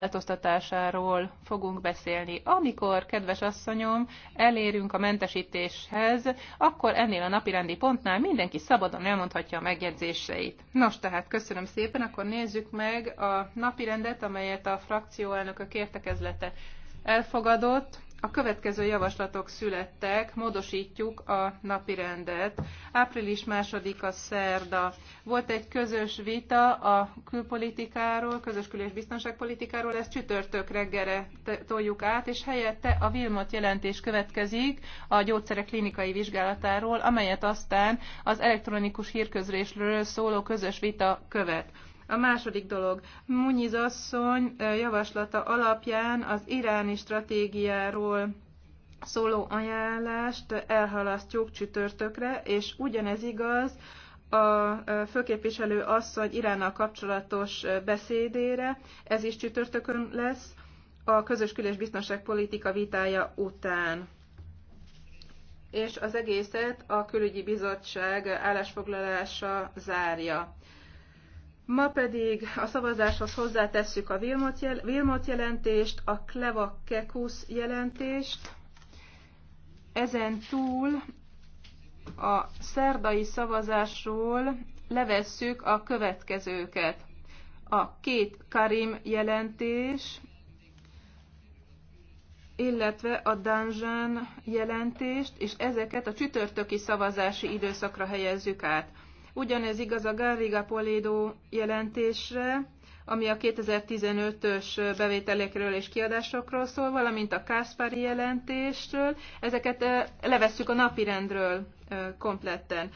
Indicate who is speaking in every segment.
Speaker 1: letosztatásáról fogunk beszélni. Amikor, kedves asszonyom, elérünk a mentesítéshez, akkor ennél a napirendi pontnál mindenki szabadon elmondhatja a megjegyzéseit. Nos, tehát köszönöm szépen, akkor nézzük meg a napirendet, amelyet a frakcióelnökök értekezlete elfogadott a következő javaslatok születtek, módosítjuk a napi rendet. Április másodika szerda. Volt egy közös vita a külpolitikáról, közös kül- és biztonságpolitikáról, ezt csütörtök reggelre toljuk át, és helyette a Vilmot jelentés következik a gyógyszerek klinikai vizsgálatáról, amelyet aztán az elektronikus hírközlésről szóló közös vita követ. A második dolog, Munyiz asszony javaslata alapján az iráni stratégiáról szóló ajánlást elhalasztjuk csütörtökre, és ugyanez igaz a főképviselő asszony Iránnal kapcsolatos beszédére, ez is csütörtökön lesz, a közös külés biztonságpolitika vitája után és az egészet a külügyi bizottság állásfoglalása zárja. Ma pedig a szavazáshoz hozzátesszük a Vilmot, jel- Vilmot jelentést, a Kleva Kekusz jelentést. Ezen túl a szerdai szavazásról levesszük a következőket. A két Karim jelentés, illetve a Danzsán jelentést, és ezeket a csütörtöki szavazási időszakra helyezzük át. Ugyanez igaz a Garriga Polédó jelentésre, ami a 2015-ös bevételekről és kiadásokról szól, valamint a Kászpári jelentésről. Ezeket eh, levesszük a napirendről eh, kompletten.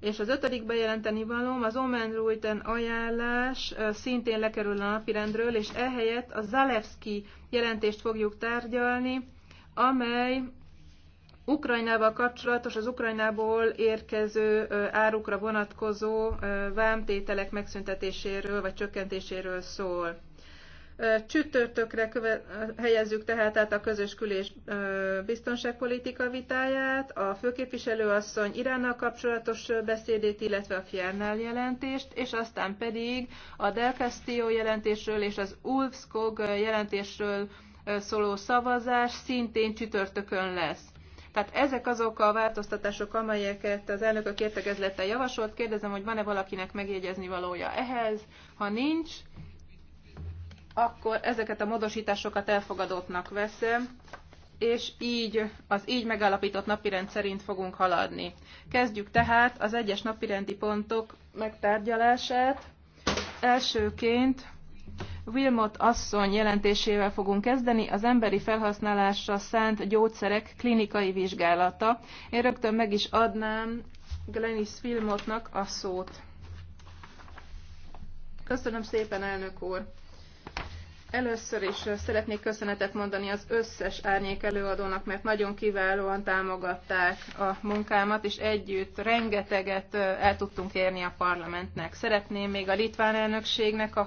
Speaker 1: És az ötödik bejelenteni valóm, az Omen Ruiten ajánlás eh, szintén lekerül a napirendről, és ehelyett a Zalewski jelentést fogjuk tárgyalni, amely Ukrajnával kapcsolatos az Ukrajnából érkező árukra vonatkozó vámtételek megszüntetéséről vagy csökkentéséről szól. Csütörtökre köve- helyezzük tehát át a közös külés biztonságpolitika vitáját, a főképviselőasszony Iránnal kapcsolatos beszédét, illetve a Fjernál jelentést, és aztán pedig a Del Castillo jelentésről és az Ulfskog jelentésről szóló szavazás szintén csütörtökön lesz. Tehát ezek azok a változtatások, amelyeket az elnökök értekezlete javasolt. Kérdezem, hogy van-e valakinek megjegyezni valója ehhez. Ha nincs, akkor ezeket a módosításokat elfogadottnak veszem, és így az így megállapított napirend szerint fogunk haladni. Kezdjük tehát az egyes napirendi pontok megtárgyalását. Elsőként Wilmot asszony jelentésével fogunk kezdeni, az emberi felhasználásra szánt gyógyszerek klinikai vizsgálata. Én rögtön meg is adnám Glenis Wilmotnak a szót. Köszönöm szépen, elnök úr! Először is szeretnék köszönetet mondani az összes árnyék előadónak, mert nagyon kiválóan támogatták a munkámat, és együtt rengeteget el tudtunk érni a parlamentnek. Szeretném még a litván elnökségnek a